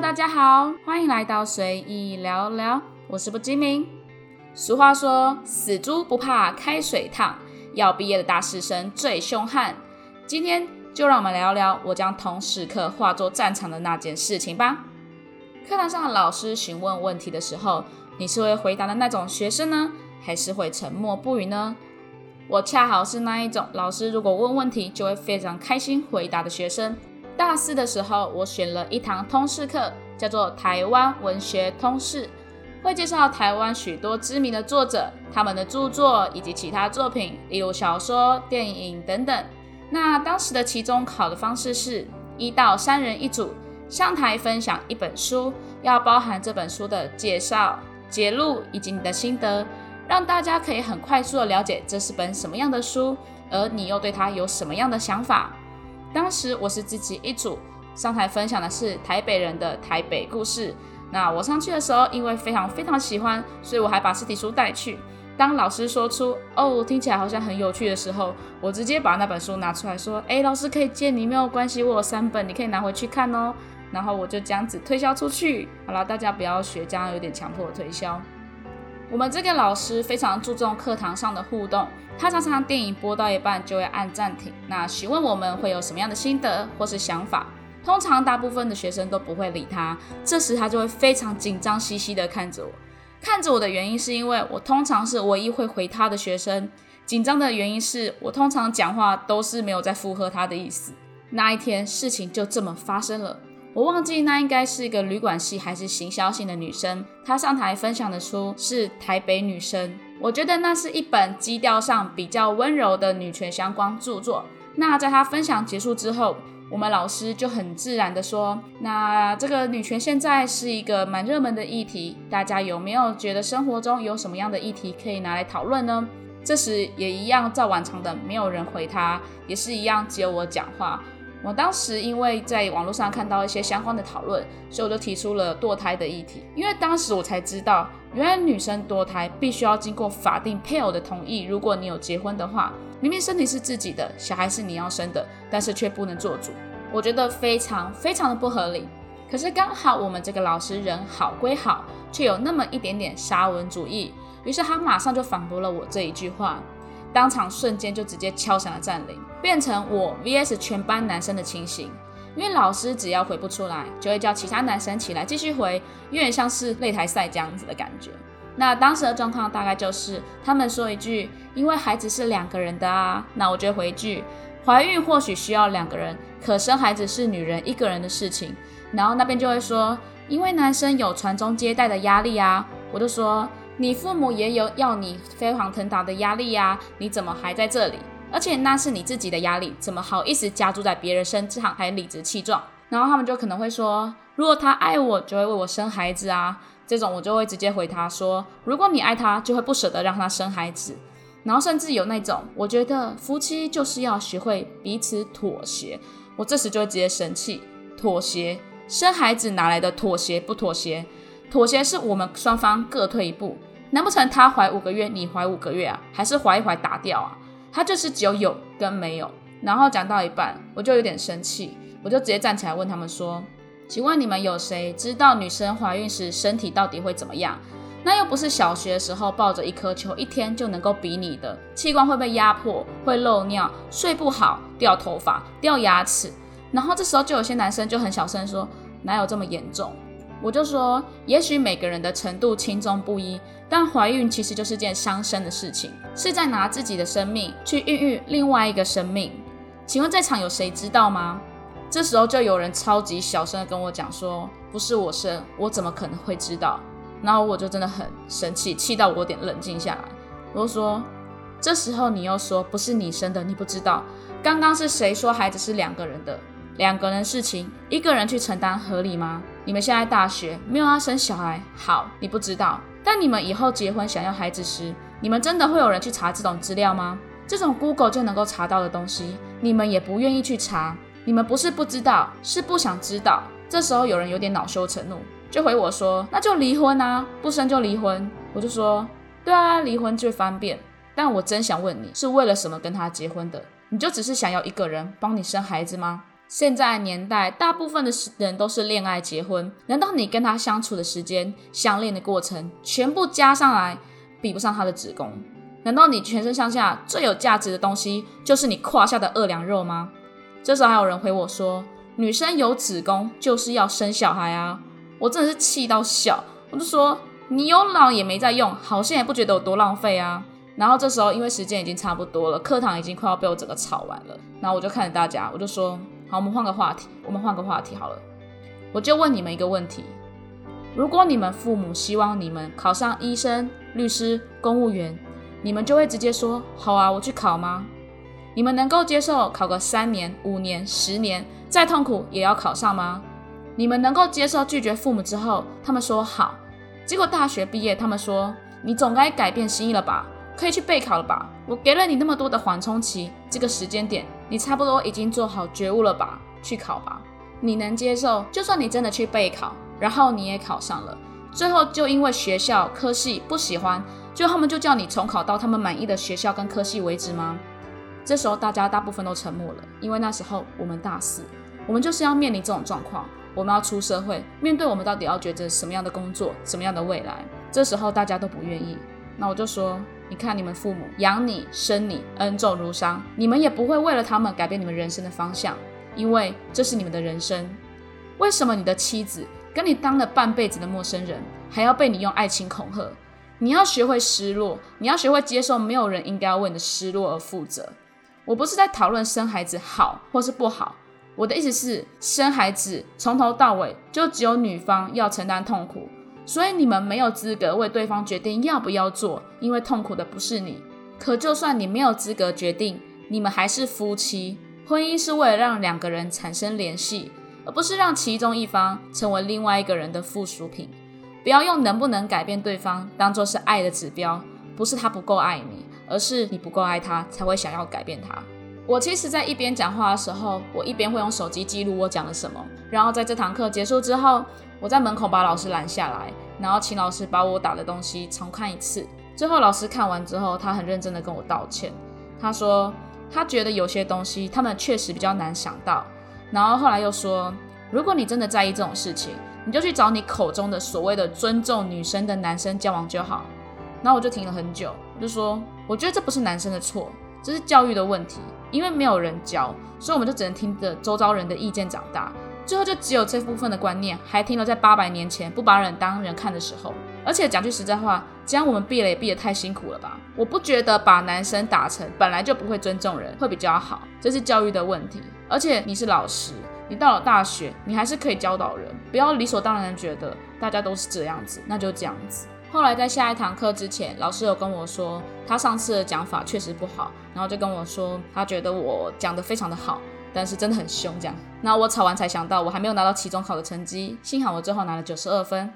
大家好，歡迎來到隨意聊聊，我是不知名。俗話說，死豬不怕開水燙，要畢業的大四生最凶悍。今天就讓我們聊聊我將通識課化作戰場的那件事情吧。課堂上老師詢問問題的時候，你是會回答的那種學生呢，還是會沉默不語呢？我恰好是那一種，老師如果問問題，就會非常開心回答的學生。大四的時候，我選了一堂通識課，叫做《台灣文學通識》，會介紹台灣許多知名的作者、他們的著作以及其他作品，例如小說、電影等等。那當時的期中考的方式是，一到三人一組上台分享一本書，要包含這本書的介紹、結論以及你的心得，讓大家可以很快速地了解這是本什麼樣的書，而你又對它有什麼樣的想法。當時我是自己一組，上台分享的是台北人的台北故事。那我上去的時候，因為非常非常喜歡，所以我還把實體書帶去。當老師說出“哦，聽起來好像很有趣”的時候，我直接把那本書拿出來說：“誒，老師可以借你，沒有關係，我有三本，你可以拿回去看哦。”然後我就這樣子推銷出去。好了，大家不要學這樣有點強迫的推銷。我們這個老師非常注重課堂上的互動，他常常電影播到一半就會按暫停，那詢問我們會有什麼樣的心得或是想法。通常大部分的學生都不會理他，這時他就會非常緊張兮兮的看着我，看着我的原因是因為我通常是唯一會回他的學生。緊張的原因是我通常講話都是沒有在附和他的意思。那一天事情就這麼發生了。我忘記那應該是一個旅館系還是行銷系的女生，她上台分享的書是台北女生。我覺得那是一本基調上比較溫柔的女權相關著作。那在她分享結束之後，我們老師就很自然的說：“那這個女權現在是一個蠻熱門的議題，大家有沒有覺得生活中有什麼樣的議題可以拿來討論呢？”這時也一樣照往常的沒有人回他，也是一樣只有我講話。我當時因為在網絡上看到一些相關的討論，所以我就提出了墮胎的議題。因為當時我才知道，原來女生墮胎必須要經過法定配偶的同意。如果你有結婚的話，明明身體是自己的，小孩是你要生的，但是卻不能做主。我覺得非常非常的不合理。可是剛好我們這個老師人好歸好，卻有那麼一點點沙文主義，於是他馬上就反駁了我這一句話。當場瞬間就直接敲響了戰鈴，變成我 VS 全班男生的情形。因為老師只要回不出來，就會叫其他男生起來繼續回，有點像是擂台賽這樣子的感覺。那當時的狀況大概就是，他們說一句“因為孩子是兩個人的啊”，那我就回一句“懷孕或許需要兩個人，可生孩子是女人一個人的事情”。然後那邊就會說“因為男生有傳宗接代的壓力啊”，我就說。你父母也有要你飛黃騰達的壓力呀、啊，你怎麼還在這裡？而且那是你自己的壓力，怎麼好意思加注在別人身上還理直氣壯？然後他們就可能會說，如果他愛我，就會為我生孩子啊。這種我就會直接回他說，如果你愛他，就會不舍得讓他生孩子。然後甚至有那種，我覺得夫妻就是要學會彼此妥協。我這時就會直接生氣，妥協，生孩子哪來的妥協不妥協？妥協是我們雙方各退一步。難不成他懷五個月，你懷五個月啊？還是懷一懷打掉啊？他就是只有有跟沒有。然後講到一半，我就有點生氣，我就直接站起來問他們說：“請問你們有誰知道女生懷孕時身體到底會怎麼樣？那又不是小學的時候抱着一顆球一天就能夠比擬的，器官會被壓迫，會漏尿，睡不好，掉頭髮，掉牙齒。然後這時候就有些男生就很小聲說：哪有這麼嚴重？”我就說，也許每個人的程度輕重不一，但懷孕其實就是件傷身的事情，是在拿自己的生命去孕育另外一個生命。請問在場有誰知道嗎？這時候就有人超級小聲地跟我講說：“不是我生，我怎麼可能會知道？”然後我就真的很生氣，氣到我有點冷靜下來，我就說：“這時候你又說不是你生的，你不知道？剛剛是誰說孩子是兩個人的？”兩個人事情，一個人去承擔合理嗎？你們現在大學沒有要生小孩，好，你不知道。但你們以後結婚想要孩子時，你們真的會有人去查這種資料嗎？這種 Google 就能夠查到的東西，你們也不願意去查。你們不是不知道，是不想知道。這時候有人有點惱羞成怒，就回我說：“那就離婚啊，不生就離婚。”我就說：“對啊，離婚最方便。”但我真想問你，是為了什麼跟他結婚的？你就只是想要一個人幫你生孩子嗎？現在的年代，大部分的人都是戀愛結婚。難道你跟他相處的時間、相戀的過程，全部加上來，比不上他的子宮？難道你全身上下最有價值的東西，就是你胯下的二兩肉嗎？這時候還有人回我說，女生有子宮就是要生小孩啊！我真的是氣到笑，我就說你有腦也沒在用，好像也不覺得有多浪費啊。然後這時候因為時間已經差不多了，課堂已經快要被我整個吵完了，然後我就看着大家，我就說。好，我們換個話題。我們換個話題好了。我就問你們一個問題：如果你們父母希望你們考上醫生、律師、公務員，你們就會直接說“好啊，我去考嗎？”你們能夠接受考個三年、五年、十年，再痛苦也要考上嗎？你們能夠接受拒絕父母之後，他們說“好”，結果大學畢業，他們說“你總該改變心意了吧，可以去備考了吧”，我給了你那麼多的緩衝期，這個時間點。你差不多已經做好覺悟了吧？去考吧，你能接受？就算你真的去備考，然後你也考上了，最後就因為學校、科系不喜歡，就他們就叫你重考到他們滿意的學校跟科系為止嗎？這時候大家大部分都沉默了，因為那時候我們大四，我們就是要面臨這種狀況，我們要出社會，面對我們到底要抉擇什麼樣的工作，什麼樣的未來？這時候大家都不願意。那我就說。你看，你們父母養你、生你，恩重如山，你們也不會為了他們改變你們人生的方向，因為這是你們的人生。為什麼你的妻子跟你當了半輩子的陌生人，還要被你用愛情恐嚇？你要學會失落，你要學會接受，沒有人應該要為你的失落而負責。我不是在討論生孩子好或是不好，我的意思是，生孩子從頭到尾就只有女方要承擔痛苦。所以你們沒有資格為對方決定要不要做，因為痛苦的不是你。可就算你沒有資格決定，你們還是夫妻。婚姻是為了讓兩個人產生聯繫，而不是讓其中一方成為另外一個人的附屬品。不要用能不能改變對方當做是愛的指標，不是他不夠愛你，而是你不夠愛他才會想要改變他。我其實，在一邊講話的時候，我一邊會用手機記錄我講了什麼，然後在這堂課結束之後。我在門口把老師攔下來，然後請老師把我打的東西重看一次。最後老師看完之後，他很認真地跟我道歉。他說他覺得有些東西他們確實比較難想到。然後後來又說，如果你真的在意這種事情，你就去找你口中的所謂的尊重女生的男生交往就好。然後我就停了很久，我就說，我覺得這不是男生的錯，這是教育的問題。因為沒有人教，所以我們就只能聽着周遭人的意見長大。最後就只有這部分的觀念還停留在八百年前不把人當人看的時候。而且講句實在話，這樣我們避雷也避得太辛苦了吧？我不覺得把男生打成本來就不會尊重人會比較好，這是教育的問題。而且你是老師，你到了大學，你還是可以教導人，不要理所當然覺得大家都是這樣子，那就這樣子。後來在下一堂課之前，老師有跟我說，他上次的講法確實不好，然後就跟我說，他覺得我講得非常的好，但是真的很兇，這樣。那我吵完才想到，我還沒有拿到期中考的成績。幸好我最後拿了九十二分。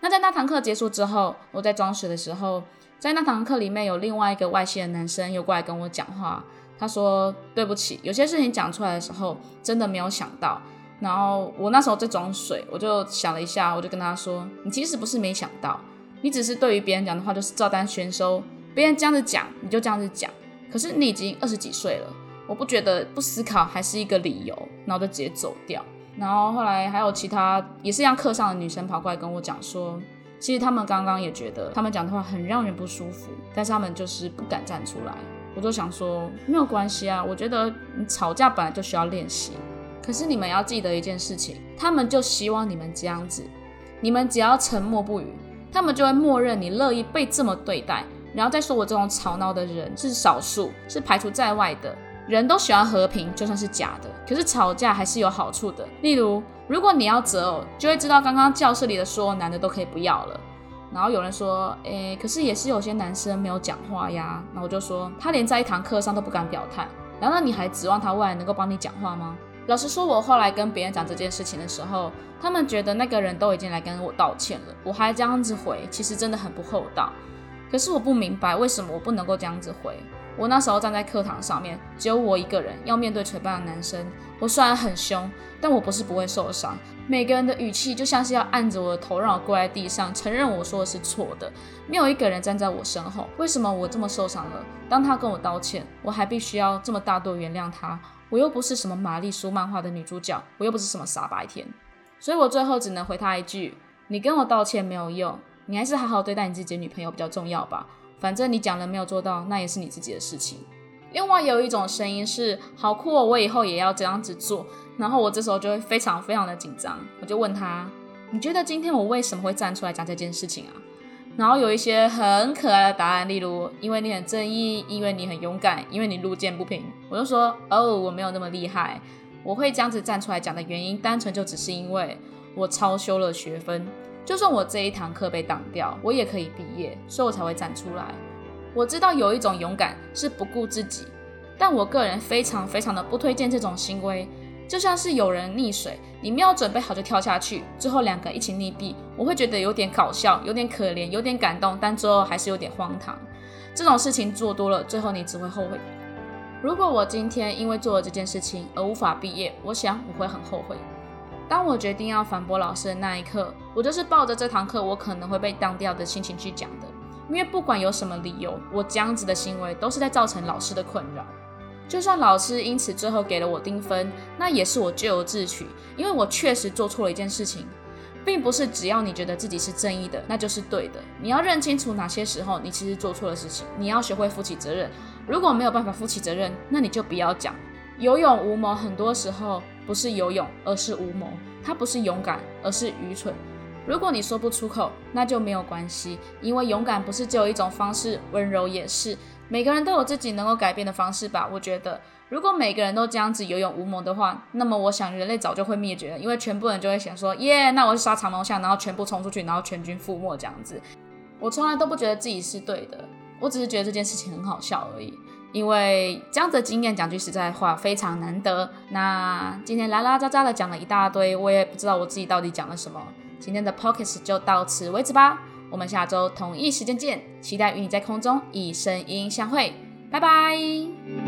那在那堂課結束之後，我在裝水的時候，在那堂課裡面有另外一個外系的男生又過來跟我講話。他說：“對不起，有些事情講出來的時候，真的沒有想到。”然後我那時候在裝水，我就想了一下，我就跟他說：“你其實不是沒想到，你只是對於別人講的話就是照單全收。別人這樣子講，你就這樣子講。可是你已經二十幾歲了。”我不覺得不思考還是一個理由，然後就直接走掉。然後後來還有其他，也是讓課上的女生跑過來跟我講說，其實他們剛剛也覺得他們講的話很讓人不舒服，但是他們就是不敢站出來。我就想說，沒有關係啊，我覺得你吵架本來就需要練習。可是你們要記得一件事情，他們就希望你們這樣子，你們只要沉默不語，他們就會默認你樂意被這麼對待。然後再說我這種吵鬧的人是少數，是排除在外的。人都喜歡和平，就算是假的，可是吵架還是有好處的。例如，如果你要擇偶，就會知道剛剛教室裡的所有男的都可以不要了。然後有人說，誒、欸，可是也是有些男生沒有講話呀。然後我就說，他連在一堂課上都不敢表態，難道你還指望他未來能夠幫你講話嗎？老實說，我後來跟別人講這件事情的時候，他們覺得那個人都已經來跟我道歉了，我還這樣子回，其實真的很不厚道。可是我不明白為什麼我不能夠這樣子回。我那時候站在課堂上面，只有我一個人要面對全班的男生。我雖然很凶，但我不是不會受傷。每個人的語氣就像是要按着我的頭，讓我跪在地上承認我說的是錯的。沒有一個人站在我身後，為什麼我這麼受傷了？當他跟我道歉，我還必須要這麼大度原諒他？我又不是什麼瑪麗蘇漫畫的女主角，我又不是什麼傻白甜，所以我最後只能回他一句：你跟我道歉沒有用，你還是好好對待你自己的女朋友比較重要吧。反正你講了沒有做到，那也是你自己的事情。另外也有一種聲音是，好酷哦，我以後也要這樣子做。然後我這時候就會非常非常的緊張，我就問他，你覺得今天我為什麼會站出來講這件事情啊？然後有一些很可愛的答案，例如因為你很正義，因為你很勇敢，因為你路見不平。我就說，哦，我沒有那麼厲害，我會這樣子站出來講的原因，單純就只是因為我超修了學分。就算我這一堂課被擋掉，我也可以畢業，所以我才會站出來。我知道有一種勇敢是不顧自己，但我個人非常非常的不推薦這種行為。就像是有人溺水，你沒有準備好就跳下去，最後兩個一起溺斃，我會覺得有點搞笑，有點可憐，有點感動，但最後還是有點荒唐。這種事情做多了，最後你只會後悔。如果我今天因為做了這件事情而無法畢業，我想我會很後悔。當我決定要反駁老師的那一刻，我就是抱着這堂課我可能會被當掉的心情去講的。因為不管有什麼理由，我這樣子的行為都是在造成老師的困擾。就算老師因此最後給了我丁分，那也是我咎由自取，因為我確實做錯了一件事情，並不是只要你覺得自己是正義的那就是對的。你要認清楚哪些時候你其實做錯了事情，你要學會負起責任。如果沒有辦法負起責任，那你就不要講。有勇無謀，很多時候。不是有勇，而是無謀；他不是勇敢，而是愚蠢。如果你說不出口，那就沒有關係，因為勇敢不是只有一種方式，溫柔也是。每個人都有自己能夠改變的方式吧？我覺得，如果每個人都這樣子有勇無謀的話，那麼我想人類早就會滅絕了，因為全部人就會想說，耶、yeah，那我去殺長龍像，然後全部衝出去，然後全軍覆沒，這樣子。我從來都不覺得自己是對的，我只是覺得這件事情很好笑而已。因為這樣的經驗，講句實在話，非常難得。那今天拉拉雜雜的講了一大堆，我也不知道我自己到底講了什麼。今天的 podcast 就到此為止吧。我們下周同一時間見，期待與你在空中以聲音相會。拜拜。